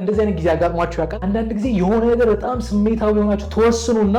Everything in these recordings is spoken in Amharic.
እንደዚህ አይነት ጊዜ አጋጥሟቸው ያውቃል? አንዳንድ ጊዜ የሆነ ነገር በጣም ስሜታዊ የሆናችሁ ተወስኑና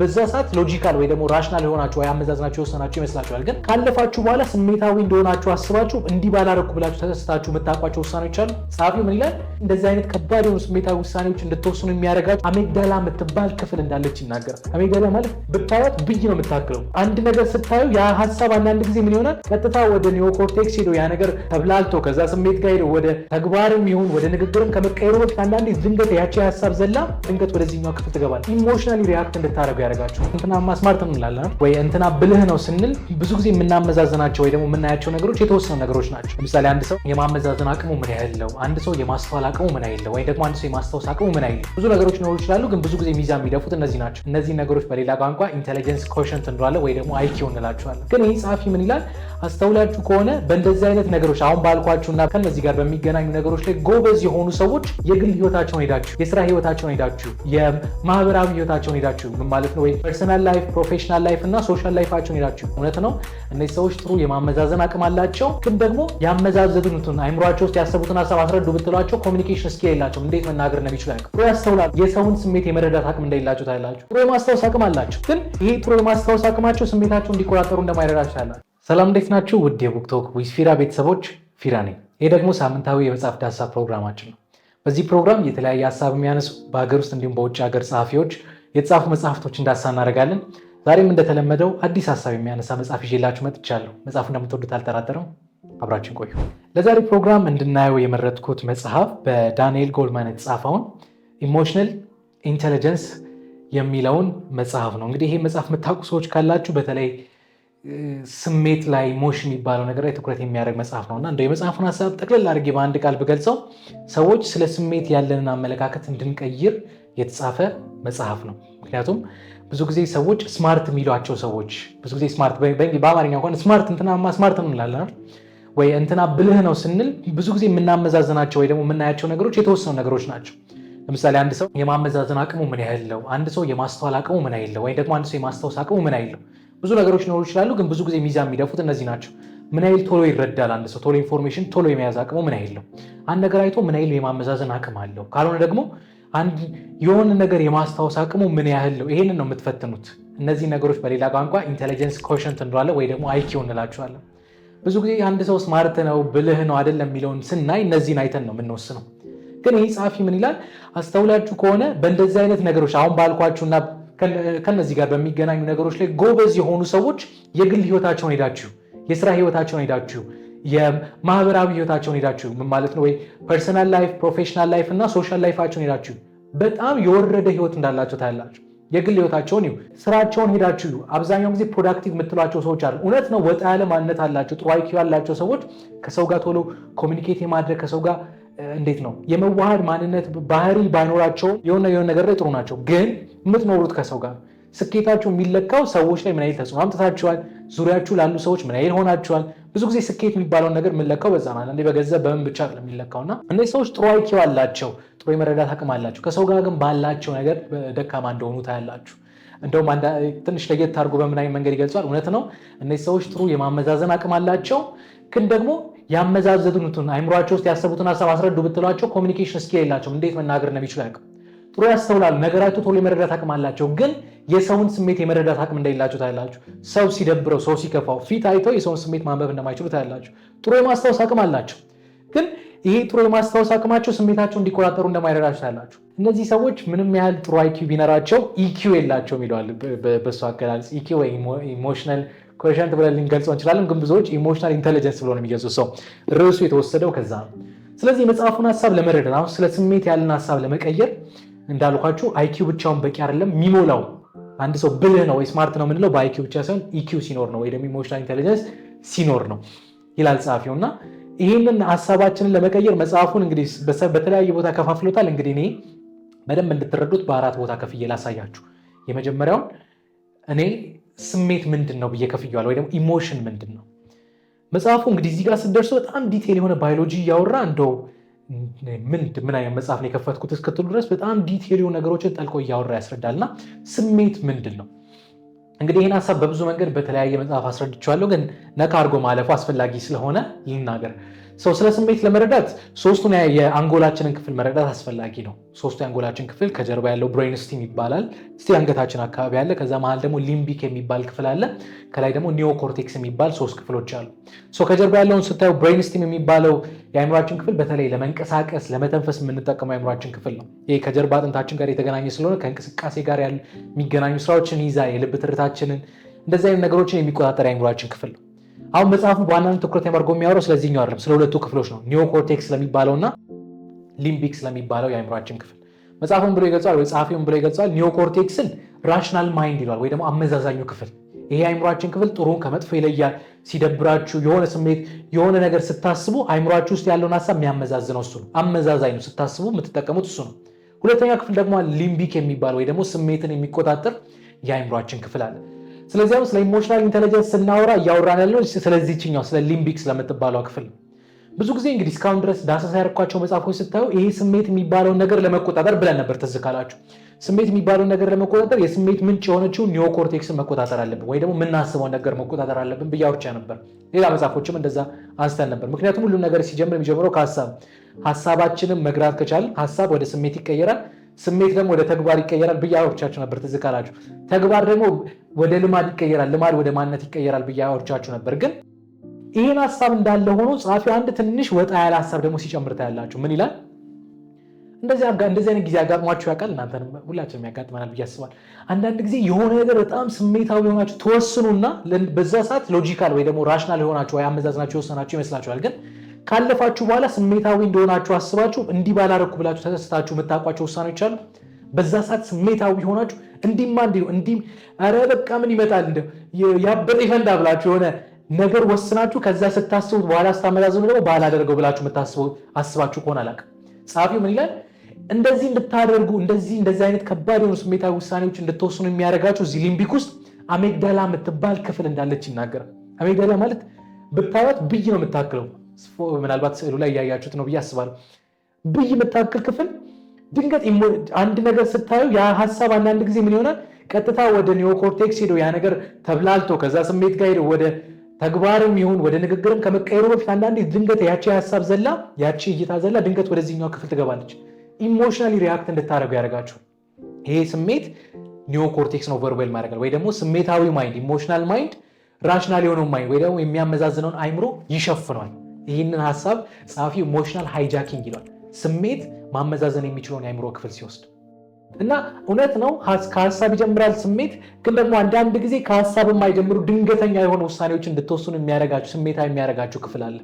በዛ ሰዓት ሎጂካል ወይ ደግሞ ራሽናል የሆናችሁ ወይ አመዛዝናችሁ የወሰናችሁ ይመስላችኋል። ግን ካለፋችሁ በኋላ ስሜታዊ እንደሆናችሁ አስባችሁ እንዲህ ባላረኩ ብላችሁ ተከስታችሁ የምታውቋቸው ውሳኔዎች አሉ። ጸሐፊው ምን ይላል? እንደዚህ አይነት ከባድ የሆኑ ስሜታዊ ውሳኔዎች እንድትወስኑ የሚያደርጋችሁ አሜግዳላ የምትባል ክፍል እንዳለች ይናገራል። አሜግዳላ ማለት ብታዩት ብይ ነው የምታክለው። አንድ ነገር ስታዩ ያ ሀሳብ አንዳንድ ጊዜ ምን ይሆናል? ቀጥታ ወደ ኒዮኮርቴክስ ሄዶ ያ ነገር ተብላልቶ ከዛ ስሜት ጋር ሄዶ ወደ ተግባርም ይሁን ወደ ንግግርም ከመቀየሩ ነገሮች ከአንዳንዴ ድንገት ያቺ ሀሳብ ዘላ ድንገት ወደዚህኛው ክፍል ትገባል። ኢሞሽናሊ ሪያክት እንድታደረጉ ያደርጋችሁ። እንትና ስማርት እንላለን ወይ እንትና ብልህ ነው ስንል ብዙ ጊዜ የምናመዛዘናቸው ወይ ደግሞ የምናያቸው ነገሮች የተወሰኑ ነገሮች ናቸው። ለምሳሌ አንድ ሰው የማመዛዘን አቅሙ ምን ያህል አንድ ሰው የማስተዋል አቅሙ ምን ያህል ወይ ደግሞ አንድ ሰው የማስታወስ አቅሙ ምን አይለው ብዙ ነገሮች ሊኖሩ ይችላሉ፣ ግን ብዙ ጊዜ ሚዛን የሚደፉት እነዚህ ናቸው። እነዚህ ነገሮች በሌላ ቋንቋ ኢንቴሊጀንስ ኮሽንት እንለዋለን ወይ ደግሞ አይኪው እንላቸዋለን። ግን ይህ ጸሐፊ ምን ይላል? አስተውላችሁ ከሆነ በእንደዚህ አይነት ነገሮች አሁን ባልኳችሁና ከነዚህ ጋር በሚገናኙ ነገሮች ላይ ጎበዝ የሆኑ ሰዎች የግል ህይወታቸውን ሄዳችሁ፣ የስራ ህይወታቸውን ሄዳችሁ፣ የማህበራዊ ህይወታቸውን ሄዳችሁ ምን ማለት ነው ወይ ፐርሰናል ላይፍ፣ ፕሮፌሽናል ላይፍ እና ሶሻል ላይፋቸውን ሄዳችሁ እውነት ነው እነዚህ ሰዎች ጥሩ የማመዛዘን አቅም አላቸው፣ ግን ደግሞ ያመዛዘኑትን አይምሯቸው ውስጥ ያሰቡትን ሀሳብ አስረዱ ብትሏቸው ኮሚኒኬሽን ስኪል የላቸው እንዴት መናገር ነው የሚችሉ ጥሩ ያስተውላል፣ የሰውን ስሜት የመረዳት አቅም እንደሌላቸው ታያላችሁ። ጥሩ የማስታወስ አቅም አላቸው፣ ግን ይሄ ጥሩ የማስታወስ አቅማቸው ስሜታቸው እንዲቆጣጠሩ እንደማይረዳቸው ታያላችሁ። ሰላም እንዴት ናችሁ? ውድ የቡክቶክ ዊዝ ፊራ ቤተሰቦች ፊራ ነኝ። ይህ ደግሞ ሳምንታዊ የመጽሐፍ ዳሰሳ ፕሮግራማችን ነው። በዚህ ፕሮግራም የተለያየ ሀሳብ የሚያነሱ በሀገር ውስጥ እንዲሁም በውጭ ሀገር ጸሐፊዎች የተጻፉ መጽሐፍቶች እንዳሳ እናደርጋለን። ዛሬም እንደተለመደው አዲስ ሀሳብ የሚያነሳ መጽሐፍ ይዤላችሁ መጥቻለሁ። መጽሐፍ እንደምትወዱት አልጠራጠርም። አብራችን ቆዩ። ለዛሬ ፕሮግራም እንድናየው የመረጥኩት መጽሐፍ በዳንኤል ጎልማን የተጻፈውን ኢሞሽናል ኢንቴሊጀንስ የሚለውን መጽሐፍ ነው። እንግዲህ ይህ መጽሐፍ የምታውቁ ሰዎች ካላችሁ በተለይ ስሜት ላይ ሞሽን የሚባለው ነገር ላይ ትኩረት የሚያደርግ መጽሐፍ ነው እና እንደው የመጽሐፉን ሀሳብ ጠቅልል አድርጌ በአንድ ቃል ብገልጸው ሰዎች ስለ ስሜት ያለንን አመለካከት እንድንቀይር የተጻፈ መጽሐፍ ነው። ምክንያቱም ብዙ ጊዜ ሰዎች ስማርት የሚሏቸው ሰዎች ብዙ ጊዜ ስማርት በአማርኛ እንኳን ስማርት እንትናማ ስማርት ነው እንላለን ወይ እንትና ብልህ ነው ስንል ብዙ ጊዜ የምናመዛዝናቸው ወይ ደግሞ የምናያቸው ነገሮች የተወሰኑ ነገሮች ናቸው። ለምሳሌ አንድ ሰው የማመዛዘን አቅሙ ምን ያህል ነው፣ አንድ ሰው የማስተዋል አቅሙ ምን ያህል ነው፣ ወይ ደግሞ አንድ ሰው የማስታወስ አቅሙ ምን ያህል ነው ብዙ ነገሮች ሊኖሩ ይችላሉ፣ ግን ብዙ ጊዜ ሚዛን የሚደፉት እነዚህ ናቸው። ምን ያህል ቶሎ ይረዳል አንድ ሰው ቶሎ ኢንፎርሜሽን ቶሎ የመያዝ አቅሙ ምን ያህል ነው? አንድ ነገር አይቶ ምን ያህል የማመዛዘን አቅም አለው? ካልሆነ ደግሞ አንድ የሆነ ነገር የማስታወስ አቅሙ ምን ያህል ነው? ይሄንን ነው የምትፈትኑት። እነዚህ ነገሮች በሌላ ቋንቋ ኢንቴሊጀንስ ኮሽንት እንለዋለን ወይ ደግሞ አይኪው እንላቸዋለን። ብዙ ጊዜ አንድ ሰው ስማርት ነው ብልህ ነው አይደለም የሚለውን ስናይ እነዚህን አይተን ነው የምንወስነው። ግን ይህ ጸሐፊ ምን ይላል? አስተውላችሁ ከሆነ በእንደዚህ አይነት ነገሮች አሁን ባልኳችሁና ከነዚህ ጋር በሚገናኙ ነገሮች ላይ ጎበዝ የሆኑ ሰዎች የግል ህይወታቸውን ሄዳችሁ የስራ ህይወታቸውን ሄዳችሁ የማህበራዊ ህይወታቸውን ሄዳችሁ ምን ማለት ነው ወይ ፐርሰናል ላይፍ፣ ፕሮፌሽናል ላይፍ እና ሶሻል ላይፋቸውን ሄዳችሁ በጣም የወረደ ህይወት እንዳላቸው ታያላችሁ። የግል ህይወታቸውን ይሁ ስራቸውን ሄዳችሁ አብዛኛውን ጊዜ ፕሮዳክቲቭ የምትሏቸው ሰዎች አሉ። እውነት ነው፣ ወጣ ያለ ማንነት አላቸው። ጥሩ አይኪው ያላቸው ሰዎች ከሰው ጋር ቶሎ ኮሚኒኬት የማድረግ ከሰው ጋር እንዴት ነው የመዋሃድ ማንነት ባህሪ ባይኖራቸውም የሆነ የሆነ ነገር ላይ ጥሩ ናቸው ግን የምትኖሩት ከሰው ጋር ስኬታችሁ የሚለካው ሰዎች ላይ ምን ያህል ተጽዕኖ አምጥታችኋል፣ ዙሪያችሁ ላሉ ሰዎች ምን ያህል ሆናችኋል። ብዙ ጊዜ ስኬት የሚባለውን ነገር የምንለካው በዛ ነው። አንዳንዴ በገንዘብ በምን ብቻ የሚለካው እነዚህ ሰዎች ጥሩ አይኪው አላቸው፣ ጥሩ የመረዳት አቅም አላቸው። ከሰው ጋር ግን ባላቸው ነገር ደካማ እንደሆኑ ታያላችሁ። እንደውም ትንሽ ለየት አድርጎ በምን አይነት መንገድ ይገልጿል? እውነት ነው። እነዚህ ሰዎች ጥሩ የማመዛዘን አቅም አላቸው፣ ግን ደግሞ ያመዛዘኑትን አይምሯቸው ውስጥ ያሰቡትን ሀሳብ አስረዱ ብትሏቸው ኮሚኒኬሽን ስኪል የላቸውም። እንዴት መናገር እንደሚችሉ አያውቅም። ጥሩ ያስተውላሉ፣ ነገራቸው ቶሎ የመረዳት አቅም አላቸው። ግን የሰውን ስሜት የመረዳት አቅም እንደሌላቸው ታያላችሁ። ሰው ሲደብረው፣ ሰው ሲከፋው ፊት አይተው የሰውን ስሜት ማንበብ እንደማይችሉ ታያላችሁ። ጥሩ የማስታወስ አቅም አላቸው፣ ግን ይሄ ጥሩ የማስታወስ አቅማቸው ስሜታቸው እንዲቆጣጠሩ እንደማይረዳቸው ታያላችሁ። እነዚህ ሰዎች ምንም ያህል ጥሩ አይኪው ቢኖራቸው ኢኪው የላቸውም ይለዋል በሱ አገላለጽ። ኢኪው ወይ ኢሞሽናል ኮሸንት ብለን ልንገልጸው እንችላለን፣ ግን ብዙዎች ኢሞሽናል ኢንቴሊጀንስ ብሎ ነው የሚገልጹት። ሰው ርዕሱ የተወሰደው ከዛ ነው። ስለዚህ የመጽሐፉን ሀሳብ ለመረዳት አሁን ስለ ስሜት ያለን ሀሳብ ለመቀየር እንዳልኳችሁ አይኪው ብቻውን በቂ አይደለም የሚሞላው አንድ ሰው ብልህ ነው ወይ ስማርት ነው የምንለው በአይኪው ብቻ ሳይሆን ኢኪው e ሲኖር ነው ወይ ደግሞ ኢሞሽናል ኢንቴሊጀንስ ሲኖር ነው ይላል ጸሐፊው እና ይህንን ሀሳባችንን ለመቀየር መጽሐፉን እንግዲህ በተለያየ ቦታ ከፋፍሎታል። እንግዲህ እኔ በደንብ እንድትረዱት በአራት ቦታ ከፍዬ ላሳያችሁ። የመጀመሪያውን እኔ ስሜት ምንድን ነው ብዬ ከፍያለሁ፣ ወይ ደግሞ ኢሞሽን ምንድን ነው። መጽሐፉ እንግዲህ እዚህ ጋር በጣም ዲቴል የሆነ ባዮሎጂ እያወራ እንደው ምን ምን አይነት መጽሐፍ ነው የከፈትኩት እስክትሉ ድረስ በጣም ዲቴል ነገሮችን ጠልቆ እያወራ ያስረዳል። እና ስሜት ምንድን ነው እንግዲህ ይህን ሀሳብ በብዙ መንገድ በተለያየ መጽሐፍ አስረድቸዋለሁ ግን ነካ አድርጎ ማለፉ አስፈላጊ ስለሆነ ልናገር። ሰው ስለ ስሜት ለመረዳት ሶስቱን የአንጎላችንን ክፍል መረዳት አስፈላጊ ነው። ሶስቱ የአንጎላችን ክፍል ከጀርባ ያለው ብሬን ስቲም ይባላል። ስቲ አንገታችን አካባቢ ያለ፣ ከዛ መሀል ደግሞ ሊምቢክ የሚባል ክፍል አለ። ከላይ ደግሞ ኒዮኮርቴክስ የሚባል ሶስት ክፍሎች አሉ። ከጀርባ ያለውን ስታዩ ብሬን ስቲም የሚባለው የአይምሯችን ክፍል በተለይ ለመንቀሳቀስ ለመተንፈስ የምንጠቀመው የአእምሯችን ክፍል ነው። ይህ ከጀርባ አጥንታችን ጋር የተገናኘ ስለሆነ ከእንቅስቃሴ ጋር የሚገናኙ ስራዎችን ይዛ የልብ ትርታችንን እንደዚህ አይነት ነገሮችን የሚቆጣጠር የአእምሯችን ክፍል ነው። አሁን መጽሐፉ በዋናነት ትኩረት ያደርጎ የሚያወራው ስለዚህኛው አይደለም፣ ስለ ሁለቱ ክፍሎች ነው። ኒዮ ኮርቴክስ ስለሚባለውና ሊምቢክ ስለሚባለው የአይምሯችን ክፍል መጽሐፉን ብሎ ይገልጸዋል፣ ወይ ጸሐፊውን ብሎ ይገልጸዋል። ኒዮ ራሽናል ማይንድ ይሏል ወይ ደግሞ አመዛዛኙ ክፍል። ይሄ አይምሯችን ክፍል ጥሩን ከመጥፎ ይለያል። ሲደብራችሁ፣ የሆነ ስሜት፣ የሆነ ነገር ስታስቡ አይምሯችሁ ውስጥ ያለውን ሀሳብ የሚያመዛዝነው እሱ ነው። አመዛዛኝ ነው፣ ስታስቡ የምትጠቀሙት እሱ ነው። ሁለተኛ ክፍል ደግሞ ሊምቢክ የሚባል ወይ ደግሞ ስሜትን የሚቆጣጠር የአይምሯችን ክፍል አለ። ስለዚህ አሁን ስለ ኢሞሽናል ኢንቴለጀንስ ስናወራ እያወራን ያለው ስለዚችኛው ስለ ሊምቢክ ስለምትባለው ክፍል ብዙ ጊዜ እንግዲህ እስካሁን ድረስ ዳሰሳ ያደረኳቸው መጽሐፎች ስታዩ ይሄ ስሜት የሚባለውን ነገር ለመቆጣጠር ብለን ነበር። ትዝ ካላችሁ ስሜት የሚባለውን ነገር ለመቆጣጠር የስሜት ምንጭ የሆነችው ኒዮኮርቴክስን መቆጣጠር አለብን ወይ ደግሞ የምናስበው ነገር መቆጣጠር አለብን ብዬ ነበር። ሌላ መጽሐፎችም እንደዛ አንስተን ነበር። ምክንያቱም ሁሉም ነገር ሲጀምር የሚጀምረው ከሀሳብ ሀሳባችንም መግራት ከቻል ሀሳብ ወደ ስሜት ይቀየራል። ስሜት ደግሞ ወደ ተግባር ይቀየራል ብዬ አወርቻችሁ ነበር፣ ትዝ ካላችሁ። ተግባር ደግሞ ወደ ልማድ ይቀየራል፣ ልማድ ወደ ማንነት ይቀየራል ብዬ አወርቻችሁ ነበር። ግን ይህን ሀሳብ እንዳለ ሆኖ ጸሐፊው አንድ ትንሽ ወጣ ያለ ሀሳብ ደግሞ ሲጨምር ታያላችሁ። ምን ይላል? እንደዚህ አይነት ጊዜ አጋጥሟችሁ ያውቃል? እናንተ ሁላችንም ያጋጥመናል ብዬ አስባል አንዳንድ ጊዜ የሆነ ነገር በጣም ስሜታዊ የሆናችሁ ተወስኑና በዛ ሰዓት ሎጂካል ወይ ደግሞ ራሽናል የሆናችሁ ወይ አመዛዝናችሁ የወሰናችሁ ይመስላችኋል ግን ካለፋችሁ በኋላ ስሜታዊ እንደሆናችሁ አስባችሁ እንዲህ ባላረኩ ብላችሁ ተደስታችሁ የምታውቋቸው ውሳኔዎች አሉ። በዛ ሰዓት ስሜታዊ ሆናችሁ እንዲማ እንዲ ነው እንዲህ ኧረ በቃ ምን ይመጣል ያበጠ ይፈንዳ ብላችሁ የሆነ ነገር ወስናችሁ ከዛ ስታስቡት በኋላ ስታመዛዝኑ ደግሞ ባላደርገው ብላችሁ የምታስበው አስባችሁ ከሆነ አላውቅም። ጸሐፊው ምን ይላል? እንደዚህ እንድታደርጉ እንደዚህ እንደዚህ አይነት ከባድ የሆኑ ስሜታዊ ውሳኔዎች እንድትወስኑ የሚያደርጋችሁ እዚህ ሊምቢክ ውስጥ አሜግዳላ የምትባል ክፍል እንዳለች ይናገራል። አሜግዳላ ማለት ብታዩት ብይ ነው የምታክለው ምናልባት ስዕሉ ላይ እያያችሁት ነው ብዬ አስባለሁ። ብይ የምታክል ክፍል ድንገት አንድ ነገር ስታዩ ያ ሀሳብ አንዳንድ ጊዜ ምን ይሆናል ቀጥታ ወደ ኒዮኮርቴክስ ሄዶ ያ ነገር ተብላልቶ ከዛ ስሜት ጋር ሄዶ ወደ ተግባርም ይሁን ወደ ንግግርም ከመቀየሩ በፊት አንዳንዴ ድንገት ያቺ ሀሳብ ዘላ ያቺ እይታ ዘላ ድንገት ወደዚህኛው ክፍል ትገባለች። ኢሞሽናሊ ሪያክት እንድታደረጉ ያደርጋችሁ ይሄ ስሜት ኒዮኮርቴክስ ነው ቨርባል ማድረጋል ወይ ደግሞ ስሜታዊ ማይንድ ኢሞሽናል ማይንድ ራሽናል የሆነው ማይንድ ወይ ደግሞ የሚያመዛዝነውን አይምሮ ይሸፍኗል። ይህንን ሀሳብ ጸሐፊው ኢሞሽናል ሃይጃኪንግ ይሏል። ስሜት ማመዛዘን የሚችለውን የአይምሮ ክፍል ሲወስድ እና እውነት ነው ከሀሳብ ይጀምራል ስሜት። ግን ደግሞ አንዳንድ ጊዜ ከሀሳብ የማይጀምሩ ድንገተኛ የሆነ ውሳኔዎች እንድትወስኑ የሚያደርጋችሁ ስሜታ የሚያደርጋችሁ ክፍል አለ።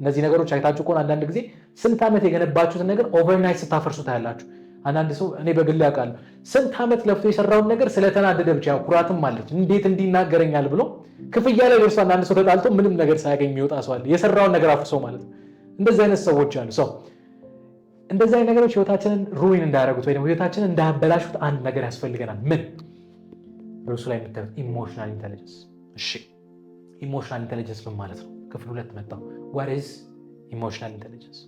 እነዚህ ነገሮች አይታችሁ ከሆነ አንዳንድ ጊዜ ስንት ዓመት የገነባችሁትን ነገር ኦቨርናይት ስታፈርሱ ታያላችሁ። አንዳንድ ሰው እኔ በግል ያውቃለሁ ስንት ዓመት ለፍቶ የሰራውን ነገር ስለተናደደ ብቻ ኩራትም አለች እንዴት እንዲናገረኛል ብሎ ክፍያ ላይ ደርሷል። አንድ ሰው ተጣልቶ ምንም ነገር ሳያገኝ የሚወጣ ሰው አለ፣ የሰራውን ነገር አፍርሶ ማለት ነው። እንደዚህ አይነት ሰዎች አሉ። ሰው እንደዚህ አይነት ነገሮች ህይወታችንን ሩዊን እንዳያደረጉት ወይ ህይወታችንን እንዳያበላሹት አንድ ነገር ያስፈልገናል። ምን በእሱ ላይ የምታዩት ኢሞሽናል ኢንቴሊጀንስ። እሺ ኢሞሽናል ኢንቴሊጀንስ ምን ማለት ነው? ክፍል ሁለት መጣው። ዋት ኢዝ ኢሞሽናል ኢንቴሊጀንስ?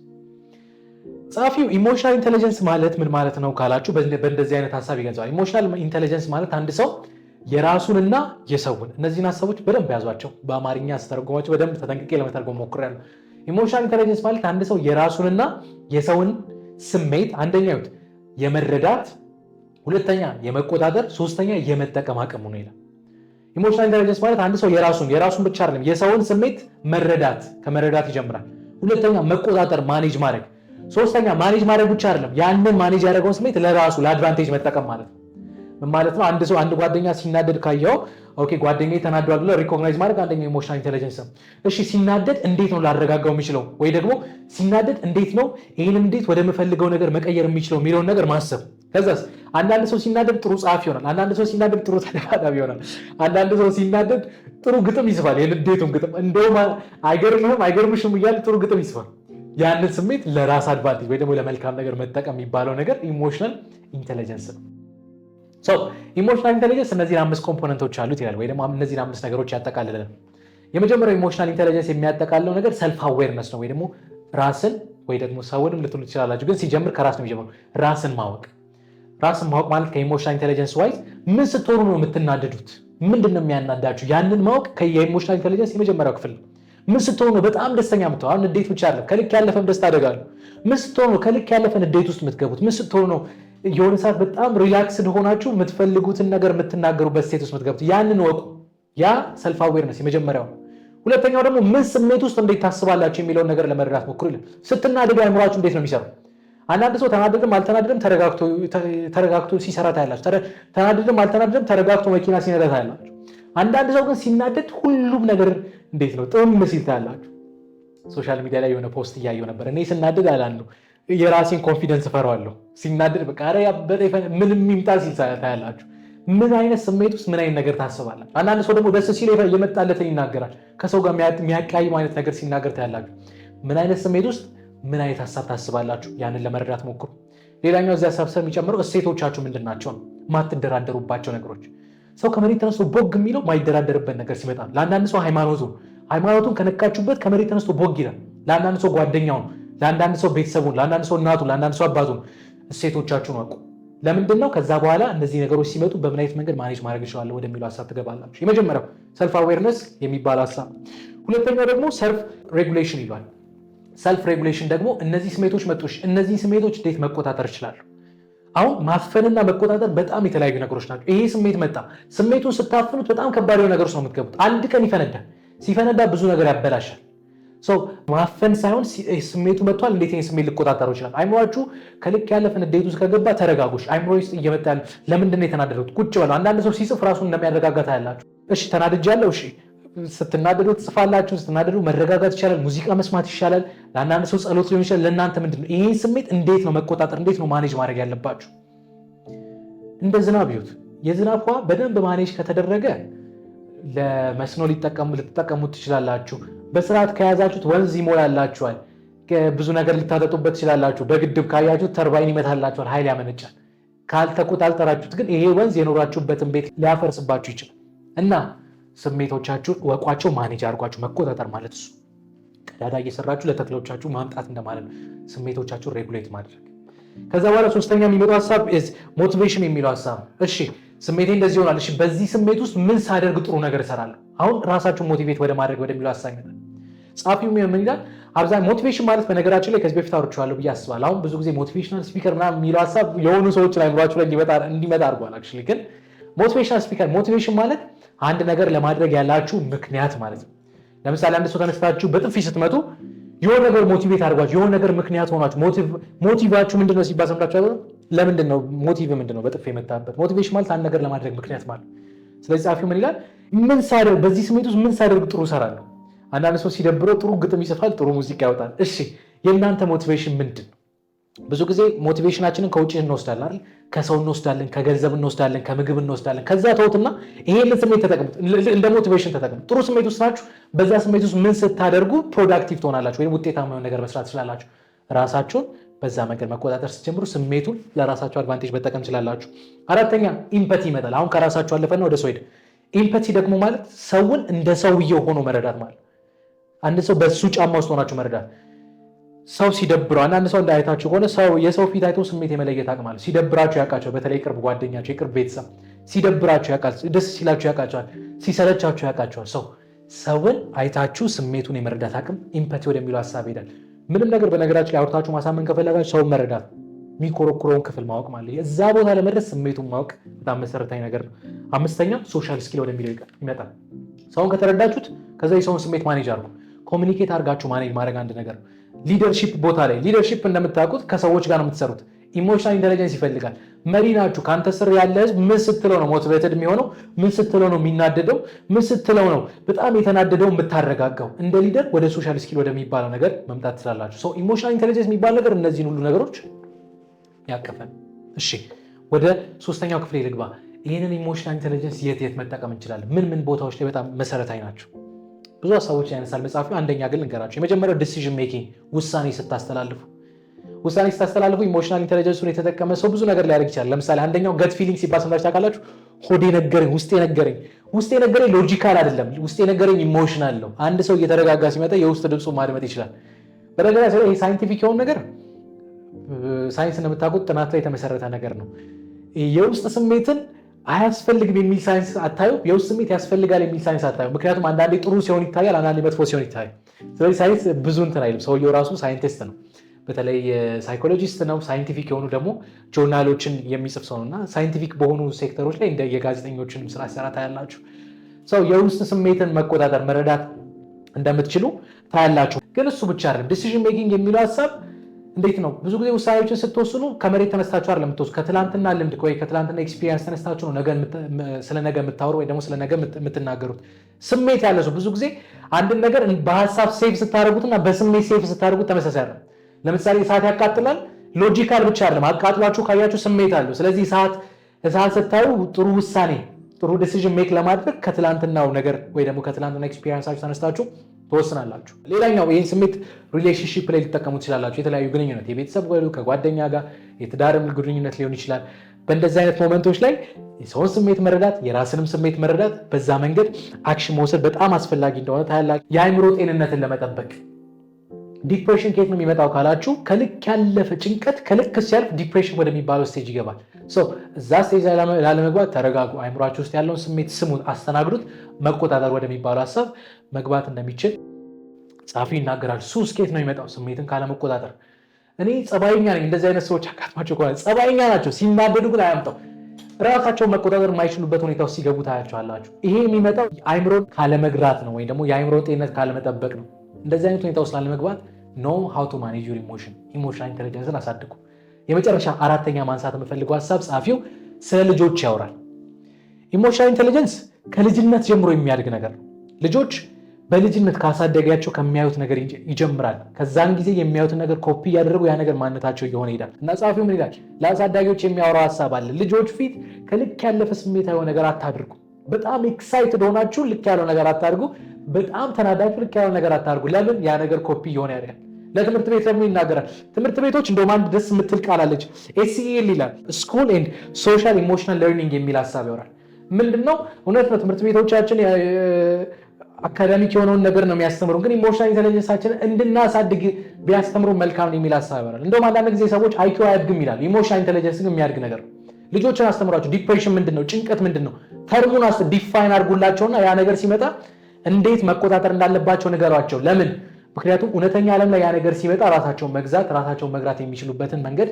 ጸሐፊው ኢሞሽናል ኢንቴሊጀንስ ማለት ምን ማለት ነው ካላችሁ በእንደዚህ አይነት ሀሳብ ይገልጸዋል። ኢሞሽናል ኢንቴሊጀንስ ማለት አንድ ሰው የራሱንና የሰውን እነዚህን ሀሳቦች በደንብ ያዟቸው። በአማርኛ አስተርጓማቸው በደንብ ተጠንቅቄ ለመተርጎም ሞክሬያለሁ። ኢሞሽናል ኢንተለጀንስ ማለት አንድ ሰው የራሱንና የሰውን ስሜት አንደኛ ይሁት የመረዳት ሁለተኛ የመቆጣጠር ሶስተኛ የመጠቀም አቅሙ ነው ይላል። ኢሞሽናል ኢንተለጀንስ ማለት አንድ ሰው የራሱን የራሱን ብቻ አይደለም የሰውን ስሜት መረዳት ከመረዳት ይጀምራል። ሁለተኛ መቆጣጠር ማኔጅ ማድረግ፣ ሶስተኛ ማኔጅ ማድረግ ብቻ አይደለም ያንን ማኔጅ ያደረገውን ስሜት ለራሱ ለአድቫንቴጅ መጠቀም ማለት ነው። ማለት ነው። አንድ ሰው አንድ ጓደኛ ሲናደድ ካየው ኦኬ ጓደኛ ተናዷል ብሎ ሪኮግናይዝ ማድረግ አንደኛው ኢሞሽናል ኢንቴሊጀንስ ነው። እሺ ሲናደድ እንዴት ነው ላረጋጋው የሚችለው ወይ ደግሞ ሲናደድ እንዴት ነው ይህን እንዴት ወደምፈልገው ነገር መቀየር የሚችለው የሚለውን ነገር ማሰብ ከዛስ አንዳንድ ሰው ሲናደድ ጥሩ ጸሐፊ ይሆናል። አንዳንድ ሰው ሲናደድ ጥሩ ተደባዳቢ ይሆናል። አንዳንድ ሰው ሲናደድ ጥሩ ግጥም ይስፋል። የንዴቱን ግጥም እንደውም አይገርምህም አይገርምሽም እያለ ጥሩ ግጥም ይስፋል። ያንን ስሜት ለራስ አድቫንቴጅ ወይ ደግሞ ለመልካም ነገር መጠቀም የሚባለው ነገር ኢሞሽናል ኢንቴሊጀንስ ነው። ኢሞሽናል ኢንቴሊጀንስ እነዚህን አምስት ኮምፖነንቶች አሉት ይላል፣ ወይ ደግሞ እነዚህን አምስት ነገሮች ነው። የመጀመሪያው ኢሞሽናል ኢንቴሊጀንስ የሚያጠቃልለው ነገር ሰልፍ አዌርነስ ነው፣ ወይ ደግሞ ራስን ወይ ደግሞ ሰውንም ልትሉ ትችላላችሁ፣ ግን ሲጀምር ከራስ ነው የሚጀምረው። ራስን ማወቅ ራስን ማወቅ ማለት ከኢሞሽናል ኢንቴሊጀንስ ዋይዝ ምን ስትሆኑ ነው የምትናደዱት? ምንድን ነው የሚያናዳችሁ? ያንን ማወቅ የኢሞሽናል ኢንቴሊጀንስ የመጀመሪያው ክፍል ነው። ምን ስትሆኑ ነው በጣም ደስተኛ ምትሆ አሁን እንዴት ብቻ አይደለም ከልክ ያለፈም ደስታ አደጋሉ። ምን ስትሆኑ ነው ከልክ ያለፈን እንዴት ውስጥ የምትገቡት? ምን ስትሆኑ ነው የሆነ ሰዓት በጣም ሪላክስድ ሆናችሁ የምትፈልጉትን ነገር የምትናገሩበት ስቴት ውስጥ የምትገቡት ያንን ወቁ። ያ ሰልፍ አዌርነስ የመጀመሪያው። ሁለተኛው ደግሞ ምን ስሜት ውስጥ እንዴት ታስባላችሁ የሚለውን ነገር ለመረዳት ሞክሩ። ይል ስትናደዱ አይምሯችሁ እንዴት ነው የሚሰራው? አንዳንድ ሰው ተናደድም አልተናደድም ተረጋግቶ ሲሰራ ታያላችሁ። ተናደድም አልተናደድም ተረጋግቶ መኪና ሲነዳ ታያላችሁ። አንዳንድ ሰው ግን ሲናደድ ሁሉም ነገር እንዴት ነው ጥም ሲል ታያላችሁ። ሶሻል ሚዲያ ላይ የሆነ ፖስት እያየው ነበር እኔ ስናደድ አላሉ የራሴን ኮንፊደንስ እፈራዋለሁ። ሲናደድ በቃ ኧረ ምንም ይምጣ ሲል ታያላችሁ። ምን አይነት ስሜት ውስጥ ምን አይነት ነገር ታስባለህ? አንዳንድ ሰው ደግሞ ደስ ሲል የመጣለትን ይናገራል። ከሰው ጋር የሚያቀያይም አይነት ነገር ሲናገር ታያላችሁ። ምን አይነት ስሜት ውስጥ ምን አይነት ሀሳብ ታስባላችሁ? ያንን ለመረዳት ሞክሩ። ሌላኛው እዚህ ሀሳብ ስር የሚጨምረው እሴቶቻችሁ ምንድን ናቸው? ማትደራደሩባቸው ነገሮች። ሰው ከመሬት ተነስቶ ቦግ የሚለው ማይደራደርበት ነገር ሲመጣ፣ ለአንዳንድ ሰው ሃይማኖቱ ሃይማኖቱን ከነካችሁበት ከመሬት ተነስቶ ቦግ ይላል። ለአንዳንድ ሰው ጓደኛው ነው ለአንዳንድ ሰው ቤተሰቡን፣ ለአንዳንድ ሰው እናቱን፣ ለአንዳንድ ሰው አባቱን እሴቶቻችሁን አውቁ። ለምንድን ነው ከዛ በኋላ እነዚህ ነገሮች ሲመጡ በምን አይነት መንገድ ማኔጅ ማድረግ እችላለሁ ወደሚለው ሀሳብ ትገባላችሁ። የመጀመሪያው ሰልፍ አዌርነስ የሚባል ሀሳብ፣ ሁለተኛው ደግሞ ሰልፍ ሬጉሌሽን ይሏል። ሰልፍ ሬጉሌሽን ደግሞ እነዚህ ስሜቶች መጡሽ፣ እነዚህ ስሜቶች እንዴት መቆጣጠር እችላለሁ? አሁን ማፈንና መቆጣጠር በጣም የተለያዩ ነገሮች ናቸው። ይሄ ስሜት መጣ፣ ስሜቱን ስታፍኑት በጣም ከባድ ነገሮች ነው የምትገቡት። አንድ ቀን ይፈነዳል። ሲፈነዳ ብዙ ነገር ያበላሻል። ሰው ማፈን ሳይሆን ስሜቱ መጥቷል፣ እንዴት ስሜት ልቆጣጠረው ይችላል? አይምሯችሁ ከልክ ያለፈ ንዴት ውስጥ ከገባ ተረጋጎች። አይምሮ ውስጥ እየመጣ ያለ ለምንድን ነው የተናደዱት? ቁጭ በለው። አንዳንድ ሰው ሲጽፍ ራሱን እንደሚያረጋጋት ያላችሁ፣ እሺ ያለው እሺ ስትናደዱ ትጽፋላችሁ። ስትናደዱ መረጋጋት ይቻላል፣ ሙዚቃ መስማት ይቻላል። ለአንዳንድ ሰው ጸሎት ሊሆን ይችላል። ለእናንተ ምንድን ነው ይሄ ስሜት? እንዴት ነው መቆጣጠር? እንዴት ነው ማኔጅ ማድረግ ያለባችሁ? እንደ ዝናብ ይሁት የዝናብ ውሃ በደንብ ማኔጅ ከተደረገ ለመስኖ ሊጠቀሙ ልትጠቀሙት ትችላላችሁ። በስርዓት ከያዛችሁት ወንዝ ይሞላላችኋል። ብዙ ነገር ልታጠጡበት ትችላላችሁ። በግድብ ካያችሁት ተርባይን ይመታላችኋል፣ ኃይል ያመነጫል። ካልተቆጣጠራችሁት ግን ይሄ ወንዝ የኖራችሁበትን ቤት ሊያፈርስባችሁ ይችላል እና ስሜቶቻችሁን ወቋቸው ማኔጅ አድርጓችሁ መቆጣጠር ማለት እሱ ቀዳዳ እየሰራችሁ ለተክሎቻችሁ ማምጣት እንደማለት ነው። ስሜቶቻችሁን ሬጉሌት ማድረግ። ከዛ በኋላ ሶስተኛ የሚመጣው ሀሳብ ሞቲቬሽን የሚለው ሀሳብ እሺ ስሜቴ እንደዚህ ይሆናል። እሺ በዚህ ስሜት ውስጥ ምን ሳደርግ ጥሩ ነገር እሰራለሁ? አሁን ራሳችሁን ሞቲቬት ወደ ማድረግ ወደሚለው ሀሳብ ጸሐፊው ምን ይላል? አብዛኛው ሞቲቬሽን ማለት በነገራችን ላይ ከዚህ በፊት አውርቼዋለሁ ብዬ አስባለሁ። አሁን ብዙ ጊዜ ሞቲቬሽናል ስፒከር ምናምን የሚለው ሀሳብ የሆኑ ሰዎች ላይ ምሯቸው ላይ እንዲመጣ አድርጓል። አክቹዋሊ ግን ሞቲቬሽናል ስፒከር ሞቲቬሽን ማለት አንድ ነገር ለማድረግ ያላችሁ ምክንያት ማለት ነው። ለምሳሌ አንድ ሰው ተነስታችሁ በጥፊ ስትመጡ የሆነ ነገር ሞቲቬት አድርጓችሁ የሆነ ነገር ምክንያት ሆናችሁ ሞቲቫችሁ ምንድን ነው ሲባል ሰምታችሁ ለምንድን ነው ሞቲቭ ምንድን ነው? በጥፍ የመታበት ሞቲቬሽን ማለት አንድ ነገር ለማድረግ ምክንያት ማለት። ስለዚህ ጸሐፊው ምን ይላል? ምን ሳደርግ በዚህ ስሜት ውስጥ ምን ሳደርግ ጥሩ እሰራለሁ። አንዳንድ ሰው ሲደብረው ጥሩ ግጥም ይጽፋል፣ ጥሩ ሙዚቃ ያወጣል። እሺ የእናንተ ሞቲቬሽን ምንድን ነው? ብዙ ጊዜ ሞቲቬሽናችንን ከውጭ እንወስዳለን አይደል? ከሰው እንወስዳለን፣ ከገንዘብ እንወስዳለን፣ ከምግብ እንወስዳለን። ከዛ ተውትና ይሄን ስሜት ተጠቅሙት፣ እንደ ሞቲቬሽን ተጠቅሙ ጥሩ ስሜት ውስጥ ናችሁ። በዛ ስሜት ውስጥ ምን ስታደርጉ ፕሮዳክቲቭ ትሆናላችሁ ወይም ውጤታማ ነገር መስራት ትችላላችሁ። ራሳችሁን በዛ መንገድ መቆጣጠር ሲጀምሩ ስሜቱን ለራሳቸው አድቫንቴጅ መጠቀም ችላላችሁ። አራተኛ ኢምፐቲ ይመጣል። አሁን ከራሳቸው አለፈና ወደ ሰው ሄደ። ኢምፐቲ ደግሞ ማለት ሰውን እንደ ሰውየው ሆኖ መረዳት ማለት አንድ ሰው በሱ ጫማ ውስጥ ሆናችሁ መረዳት ሰው ሲደብረው አንዳንድ ሰው እንዳይታችሁ ከሆነ ሰው የሰው ፊት አይቶ ስሜት የመለየት አቅም አለ። ሲደብራችሁ ያውቃቸው በተለይ ቅርብ ጓደኛቸው፣ የቅርብ ቤተሰብ ሲደብራችሁ ያውቃቸዋል። ደስ ሲላችሁ ያውቃቸዋል። ሲሰለቻችሁ ያውቃቸዋል። ሰው ሰውን አይታችሁ ስሜቱን የመረዳት አቅም ኢምፐቲ ወደሚለው ሀሳብ ይሄዳል። ምንም ነገር በነገራችን ላይ አውርታችሁ ማሳመን ከፈለጋችሁ ሰውን መረዳት፣ የሚኮረኩረውን ክፍል ማወቅ ማለት እዛ ቦታ ለመድረስ ስሜቱን ማወቅ በጣም መሰረታዊ ነገር ነው። አምስተኛ ሶሻል ስኪል ወደሚለው ይመጣል። ሰውን ከተረዳችሁት ከዛ የሰውን ስሜት ማኔጅ አርጉ። ኮሚኒኬት አድርጋችሁ ማኔጅ ማድረግ አንድ ነገር ነው። ሊደርሺፕ ቦታ ላይ ሊደርሺፕ እንደምታውቁት ከሰዎች ጋር ነው የምትሰሩት ኢሞሽናል ኢንቴሊጀንስ ይፈልጋል። መሪ ናችሁ። ከአንተ ስር ያለ ህዝብ ምን ስትለው ነው ሞቲቬትድ የሚሆነው? ምን ስትለው ነው የሚናደደው? ምን ስትለው ነው በጣም የተናደደው የምታረጋጋው? እንደ ሊደር ወደ ሶሻል ስኪል ወደሚባለው ነገር መምጣት ትችላላችሁ። ሰው ኢሞሽናል ኢንቴሊጀንስ የሚባል ነገር እነዚህን ሁሉ ነገሮች ያቀፈን። እሺ ወደ ሶስተኛው ክፍል ልግባ። ይህንን ኢሞሽናል ኢንቴሊጀንስ የት የት መጠቀም እንችላለን? ምን ምን ቦታዎች ላይ በጣም መሰረታዊ ናቸው? ብዙ ሀሳቦች ያነሳል መጽሐፉ። አንደኛ ግን ልንገራቸው። የመጀመሪያው ዲሲዥን ሜኪንግ ውሳኔ ስታስተላልፉ ውሳኔ ስታስተላልፉ ኢሞሽናል ኢንቴሊጀንሱን የተጠቀመ ሰው ብዙ ነገር ሊያደርግ ይችላል። ለምሳሌ አንደኛው ገት ፊሊንግ ሲባል ሰምታችሁ ታውቃላችሁ። ሆዴ ነገረኝ፣ ውስጤ ነገረኝ። ውስጤ ነገረኝ ሎጂካል አይደለም፣ ውስጤ ነገረኝ ኢሞሽናል ነው። አንድ ሰው እየተረጋጋ ሲመጣ የውስጥ ድምፁ ማድመጥ ይችላል። በነገራችን ላይ ይሄ ሳይንቲፊክ የሆነ ነገር ሳይንስ እንደምታውቁት ጥናት ላይ የተመሰረተ ነገር ነው። የውስጥ ስሜትን አያስፈልግም የሚል ሳይንስ አታዩ። የውስጥ ስሜት ያስፈልጋል የሚል ሳይንስ አታዩ። ምክንያቱም አንዳንዴ ጥሩ ሲሆን ይታያል፣ አንዳንዴ መጥፎ ሲሆን ይታያል። ስለዚህ ሳይንስ ብዙ እንትን አይልም። ሰውየው ራሱ ሳይንቲስት ነው። በተለይ ሳይኮሎጂስት ነው። ሳይንቲፊክ የሆኑ ደግሞ ጆርናሎችን የሚጽፍ ሰው እና ሳይንቲፊክ በሆኑ ሴክተሮች ላይ እንደ የጋዜጠኞችን ስራ ሲሰራ ታያላችሁ። ሰው የውስጥ ስሜትን መቆጣጠር መረዳት እንደምትችሉ ታያላችሁ። ግን እሱ ብቻ አይደለም። ዲሲዥን ሜኪንግ የሚለው ሀሳብ እንዴት ነው? ብዙ ጊዜ ውሳኔዎችን ስትወስኑ ከመሬት ተነስታችሁ አይደለም የምትወስኑ። ከትላንትና ልምድ ወይ ከትላንትና ኤክስፒሪየንስ ተነስታችሁ ነው ስለ ነገ የምታወሩ ወይ ደግሞ ስለ ነገ የምትናገሩት። ስሜት ያለ ሰው ብዙ ጊዜ አንድን ነገር በሀሳብ ሴፍ ስታደርጉትና በስሜት ሴፍ ስታደርጉት ተመሳሳይ ነው። ለምሳሌ እሳት ያቃጥላል። ሎጂካል ብቻ አይደለም፣ አቃጥሏችሁ ካያችሁ ስሜት አለው። ስለዚህ እሳት እሳት ስታዩ ጥሩ ውሳኔ ጥሩ ዲሲዥን ሜክ ለማድረግ ከትላንትናው ነገር ወይ ደግሞ ከትላንትና ኤክስፒሪንሳችሁ ተነስታችሁ ትወስናላችሁ። ሌላኛው ይህን ስሜት ሪሌሽንሺፕ ላይ ሊጠቀሙ ትችላላችሁ። የተለያዩ ግንኙነት የቤተሰብ ወሉ ከጓደኛ ጋር የትዳርም ግንኙነት ሊሆን ይችላል። በእንደዚህ አይነት ሞመንቶች ላይ የሰውን ስሜት መረዳት፣ የራስንም ስሜት መረዳት፣ በዛ መንገድ አክሽን መውሰድ በጣም አስፈላጊ እንደሆነ ታያላችሁ። የአይምሮ ጤንነትን ለመጠበቅ ዲፕሬሽን ከየት ነው የሚመጣው ካላችሁ ከልክ ያለፈ ጭንቀት ከልክ ሲያልፍ ዲፕሬሽን ወደሚባለው ስቴጅ ይገባል። እዛ ስቴጅ ላለመግባት ተረጋጉ። አይምሯችሁ ውስጥ ያለውን ስሜት ስሙን፣ አስተናግዱት። መቆጣጠር ወደሚባለው ሀሳብ መግባት እንደሚችል ጸሐፊ ይናገራል። ሱስ ከየት ነው የሚመጣው? ስሜትን ካለመቆጣጠር። እኔ ጸባይኛ ነኝ፣ እንደዚህ አይነት ሰዎች አጋጥሟቸው ከሆነ ጸባይኛ ናቸው፣ ሲናደዱ ግን አያምጠው ራሳቸውን መቆጣጠር የማይችሉበት ሁኔታ ውስጥ ሲገቡ ታያቸዋላችሁ። ይሄ የሚመጣው አይምሮን ካለመግራት ነው፣ ወይም ደግሞ የአይምሮ ጤንነት ካለመጠበቅ ነው። እንደዚህ አይነት ሁኔታ ውስጥ ላለመግባት ኖው ሃው ቱ ማኔጅ ዩር ኢሞሽን ኢሞሽናል ኢንቴሊጀንስን አሳድጉ። የመጨረሻ አራተኛ ማንሳት የምፈልገው ሀሳብ ጸሐፊው ስለ ልጆች ያወራል። ኢሞሽናል ኢንቴሊጀንስ ከልጅነት ጀምሮ የሚያድግ ነገር ነው። ልጆች በልጅነት ካሳደጋቸው ከሚያዩት ነገር ይጀምራል። ከዛን ጊዜ የሚያዩትን ነገር ኮፒ እያደረጉ ያ ነገር ማንነታቸው እየሆነ ይሄዳል እና ጸሐፊው ምን ይላል? ለአሳዳጊዎች የሚያወራው ሀሳብ አለ። ልጆች ፊት ከልክ ያለፈ ስሜታዊ ነገር አታድርጉ። በጣም ኤክሳይትድ ሆናችሁ ልክ ያለው ነገር አታድርጉ። በጣም ተናዳችሁ ልክ ያለው ነገር አታድርጉ። ለምን ያ ነገር ኮፒ እየሆነ ያደርጋል። ለትምህርት ቤት ደግሞ ይናገራል። ትምህርት ቤቶች እንደውም አንድ ደስ የምትል ቃል አለች፣ ኤሲኤል ይላል ስኩል ኤንድ ሶሻል ኢሞሽናል ለርኒንግ የሚል ሀሳብ ይወራል። ምንድን ነው እውነት ነው፣ ትምህርት ቤቶቻችን አካዳሚክ የሆነውን ነገር ነው የሚያስተምሩ፣ ግን ኢሞሽናል ኢንቴለጀንሳችን እንድናሳድግ ቢያስተምሩ መልካም ነው የሚል ሀሳብ ይወራል። እንደውም አንዳንድ ጊዜ ሰዎች አይኪ አያድግም ይላል። ኢሞሽናል ኢንቴለጀንስ ግን የሚያድግ ነገር ነው። ልጆችን አስተምሯቸው ዲፕሬሽን ምንድን ነው፣ ጭንቀት ምንድን ነው፣ ተርሙን ዲፋይን አድርጉላቸውና ያ ነገር ሲመጣ እንዴት መቆጣጠር እንዳለባቸው ንገሯቸው። ለምን ምክንያቱም እውነተኛ ዓለም ላይ ያ ነገር ሲመጣ ራሳቸውን መግዛት ራሳቸውን መግራት የሚችሉበትን መንገድ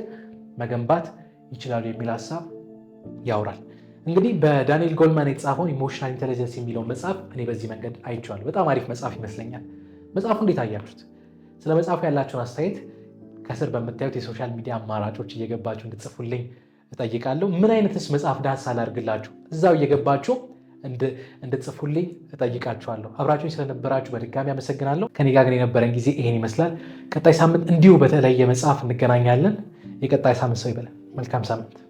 መገንባት ይችላሉ የሚል ሀሳብ ያውራል። እንግዲህ በዳንኤል ጎልማን የተጻፈውን ኢሞሽናል ኢንቴሊጀንስ የሚለውን መጽሐፍ እኔ በዚህ መንገድ አይቼዋለሁ። በጣም አሪፍ መጽሐፍ ይመስለኛል። መጽሐፉ እንዴት አያችሁት? ስለ መጽሐፉ ያላቸውን አስተያየት ከስር በምታዩት የሶሻል ሚዲያ አማራጮች እየገባችሁ እንድትጽፉልኝ እጠይቃለሁ። ምን አይነትስ መጽሐፍ ዳሰሳ ላርግላችሁ እዛው እየገባችሁ እንድትጽፉልኝ እጠይቃችኋለሁ። አብራችሁኝ ስለነበራችሁ በድጋሚ አመሰግናለሁ። ከኔ ጋር ግን የነበረን ጊዜ ይሄን ይመስላል። ቀጣይ ሳምንት እንዲሁ በተለየ መጽሐፍ እንገናኛለን። የቀጣይ ሳምንት ሰው ይበለን። መልካም ሳምንት